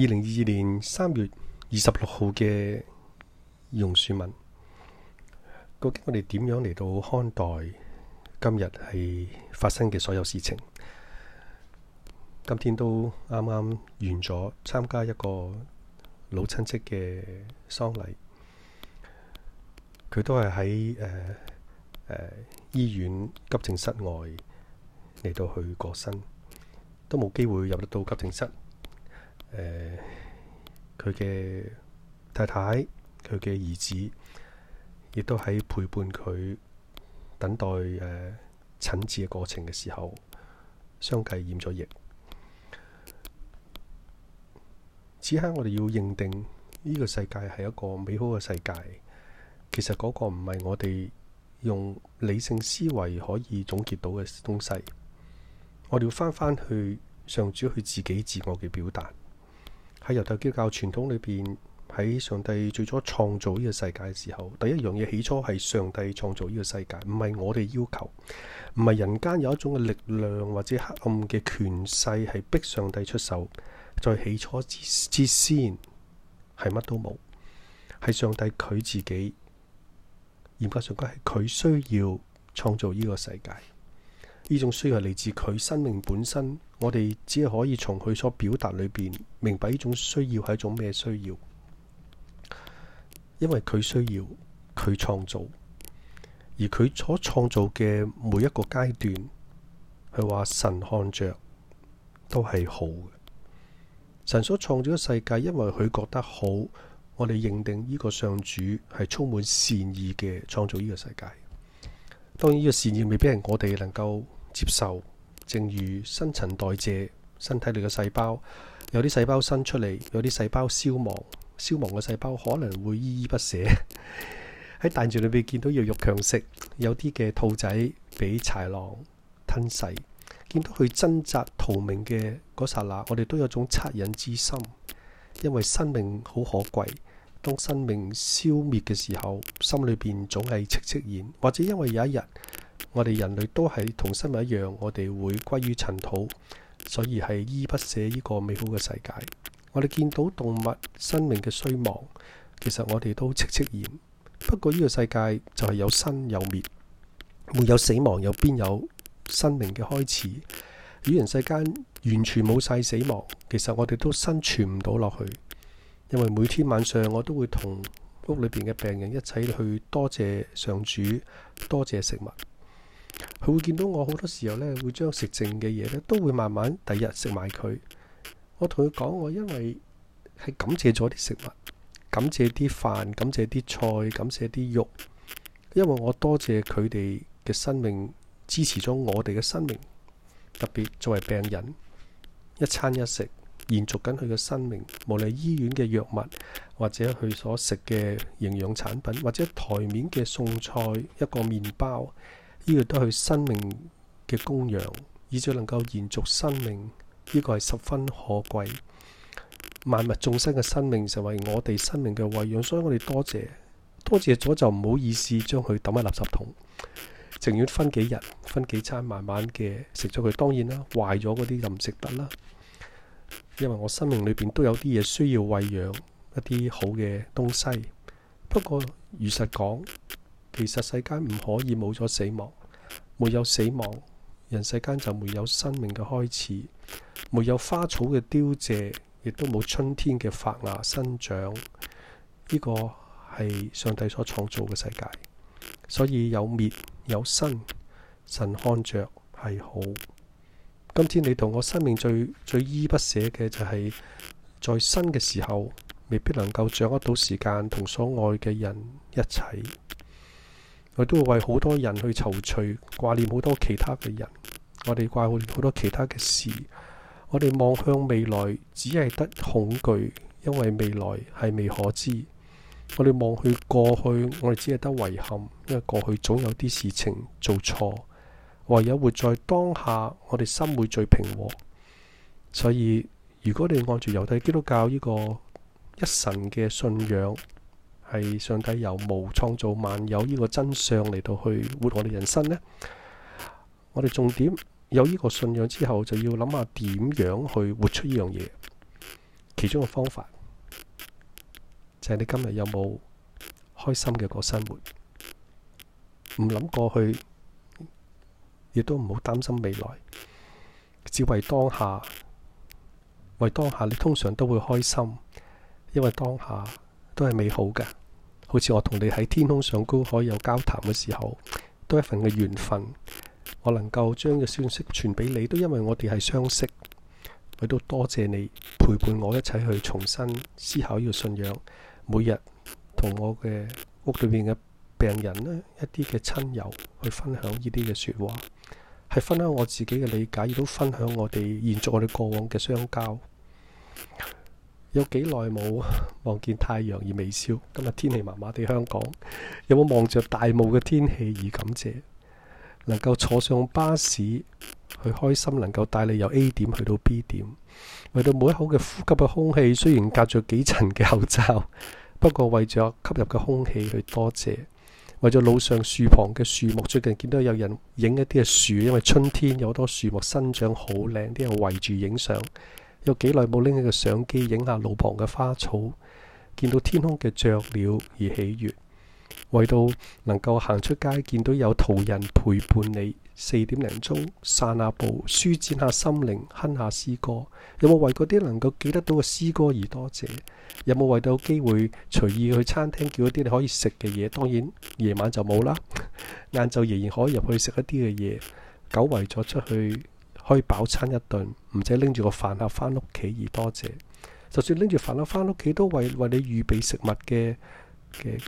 二零二二年三月二十六號嘅榕樹民，究竟我哋點樣嚟到看待今日係發生嘅所有事情？今天都啱啱完咗參加一個老親戚嘅喪禮，佢都係喺誒醫院急症室外嚟到去過身，都冇機會入得到急症室。誒，佢嘅、呃、太太，佢嘅兒子，亦都喺陪伴佢等待誒診、呃、治嘅過程嘅時候，相繼驗咗疫。此刻我哋要認定呢個世界係一個美好嘅世界，其實嗰個唔係我哋用理性思維可以總結到嘅東西。我哋要翻翻去上主去自己自我嘅表達。喺猶太基督教傳統裏邊，喺上帝最初創造呢個世界嘅時候，第一樣嘢起初係上帝創造呢個世界，唔係我哋要求，唔係人間有一種嘅力量或者黑暗嘅權勢係逼上帝出手。再起初之之先，係乜都冇，係上帝佢自己。嚴格上講，係佢需要創造呢個世界，呢種需要係嚟自佢生命本身。我哋只係可以從佢所表達裏邊，明白呢種需要係一種咩需要？因為佢需要，佢創造，而佢所創造嘅每一個階段，佢話神看着都係好嘅。神所創造嘅世界，因為佢覺得好，我哋認定呢個上主係充滿善意嘅創造呢個世界。當然呢個善意未必係我哋能夠接受。正如新陳代謝，身體裏嘅細胞，有啲細胞生出嚟，有啲細胞消亡，消亡嘅細胞可能會依依不捨。喺 大自然裏邊見到弱肉強食，有啲嘅兔仔俾豺狼吞噬，見到佢掙扎逃命嘅嗰剎那，我哋都有種惻隱之心，因為生命好可貴。當生命消滅嘅時候，心裏邊總係戚戚然。或者因為有一日。我哋人類都係同生物一樣，我哋會歸於塵土，所以係依不捨呢個美好嘅世界。我哋見到動物生命嘅衰亡，其實我哋都戚戚然。不過呢個世界就係有生有滅，沒有死亡，又邊有生命嘅開始？與人世間完全冇晒死亡，其實我哋都生存唔到落去，因為每天晚上我都會同屋裏邊嘅病人一齊去多謝上主，多謝食物。會見到我好多時候咧，會將食剩嘅嘢咧，都會慢慢第日食埋佢。我同佢講，我因為係感謝咗啲食物，感謝啲飯，感謝啲菜，感謝啲肉，因為我多謝佢哋嘅生命，支持咗我哋嘅生命。特別作為病人，一餐一食延續緊佢嘅生命。無論醫院嘅藥物，或者佢所食嘅營養產品，或者台面嘅餸菜，一個麵包。呢個都係生命嘅供養，以至能夠延續生命，呢個係十分可貴。萬物眾生嘅生命就係我哋生命嘅餵養，所以我哋多謝多謝咗就唔好意思將佢抌喺垃圾桶，情願分幾日分幾餐慢慢嘅食咗佢。當然啦，壞咗嗰啲就唔食得啦。因為我生命裏邊都有啲嘢需要餵養一啲好嘅東西，不過如實講。其實世間唔可以冇咗死亡，沒有死亡，人世間就沒有生命嘅開始，沒有花草嘅凋謝，亦都冇春天嘅發芽生長。呢、這個係上帝所創造嘅世界，所以有滅有生，神看着係好。今天你同我生命最最依不捨嘅就係在生嘅時候，未必能夠掌握到時間同所愛嘅人一齊。佢都會為好多人去躊躇，掛念好多其他嘅人，我哋掛念好多其他嘅事，我哋望向未來只係得恐懼，因為未來係未可知。我哋望去過去，我哋只係得遺憾，因為過去總有啲事情做錯。唯有活在當下，我哋心會最平和。所以，如果你按住猶太基督教呢個一神嘅信仰。係上帝由無創造萬有呢個真相嚟到去活我哋人生呢，我哋重點有呢個信仰之後，就要諗下點樣去活出呢樣嘢。其中嘅方法就係你今日有冇開心嘅個生活？唔諗過去，亦都唔好擔心未來，只為當下，為當下你通常都會開心，因為當下。都係美好噶，好似我同你喺天空上高可以有交談嘅時候，多一份嘅緣分。我能夠將個消息傳俾你，都因為我哋係相識，我亦都多謝你陪伴我一齊去重新思考呢個信仰。每日同我嘅屋裏面嘅病人咧，一啲嘅親友去分享呢啲嘅說話，係分享我自己嘅理解，亦都分享我哋延續我哋過往嘅相交。有幾耐冇望見太陽而微笑？今日天氣麻麻地，香港有冇望着大霧嘅天氣而感謝？能夠坐上巴士去開心，能夠帶你由 A 點去到 B 點。為到每一口嘅呼吸嘅空氣，雖然隔著幾層嘅口罩，不過為著吸入嘅空氣去多謝。為咗路上樹旁嘅樹木，最近見到有人影一啲嘅樹，因為春天有好多樹木生長好靚，啲人圍住影相。有幾耐冇拎起個相機影下路旁嘅花草，見到天空嘅雀鳥而喜悅；為到能夠行出街見到有途人陪伴你，四點零鐘散下步舒展下心靈，哼下詩歌，有冇為嗰啲能夠記得到嘅詩歌而多謝？有冇為到機會隨意去餐廳叫一啲你可以食嘅嘢？當然夜晚就冇啦，晏晝仍然可以入去食一啲嘅嘢。久違咗出去。可以飽餐一頓，唔使拎住個飯盒返屋企而多謝。就算拎住飯盒返屋企，都為為你預備食物嘅嘅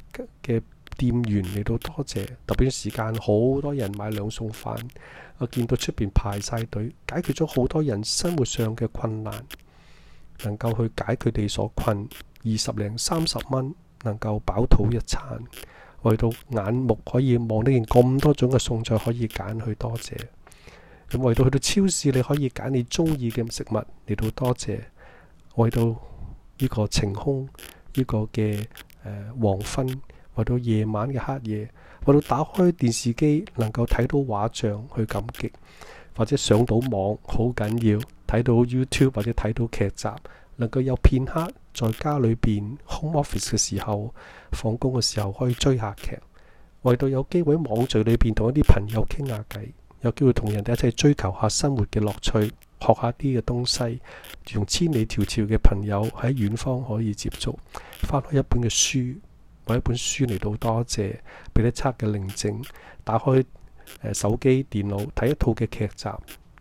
嘅店員嚟到多謝。特別時間，好多人買兩餸飯，我見到出邊排晒隊，解決咗好多人生活上嘅困難，能夠去解決佢哋所困。二十零三十蚊，能夠飽肚一餐，為到眼目可以望到見咁多種嘅餸菜可以揀去多謝。咁為到去到超市，你可以揀你中意嘅食物嚟到多謝。為到呢個晴空，呢、這個嘅誒、呃、黃昏，為到夜晚嘅黑夜，為到打開電視機能夠睇到畫像去感激，或者上到網好緊要，睇到 YouTube 或者睇到劇集，能夠有片刻在家裏邊 home office 嘅時候放工嘅時候可以追下劇，為到有機會網聚裏邊同一啲朋友傾下偈。有機會同人哋一齊追求下生活嘅樂趣，學下啲嘅東西，用千里迢迢嘅朋友喺遠方可以接觸，翻開一本嘅書，買一本書嚟到多謝，俾你。測嘅寧靜，打開手機電腦睇一套嘅劇集，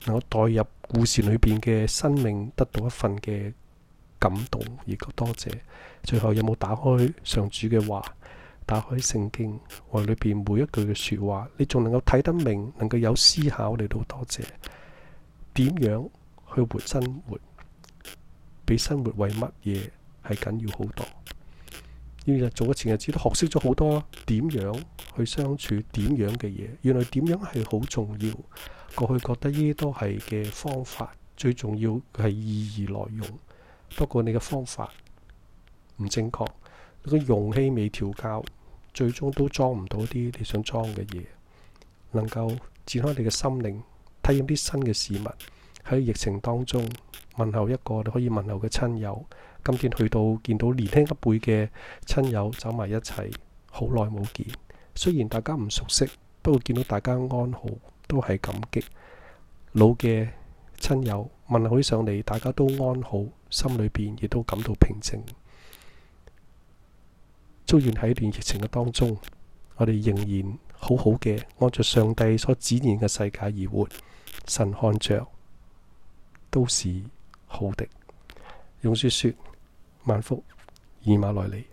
能夠代入故事裏邊嘅生命，得到一份嘅感動亦都多謝。最後有冇打開上主嘅話？打開聖經和裏邊每一句嘅說話，你仲能夠睇得明，能夠有思考，你都多謝。點樣去活生活，比生活為乜嘢係緊要好多。原日做嘅前日子都學識咗好多，點樣去相處，點樣嘅嘢，原來點樣係好重要。過去覺得呢啲都係嘅方法最重要係意義內容。不過你嘅方法唔正確，你個容器未調教。最終都裝唔到啲你想裝嘅嘢，能夠展開你嘅心靈，體驗啲新嘅事物。喺疫情當中，問候一個你可以問候嘅親友，今天去到見到年輕一輩嘅親友走埋一齊，好耐冇見，雖然大家唔熟悉，不過見到大家安好，都係感激。老嘅親友問候起上嚟，大家都安好，心裏邊亦都感到平靜。雖然喺呢段疫情嘅當中，我哋仍然好好嘅，按照上帝所指引嘅世界而活。神看着都是好的。用説説，萬福，以馬內利。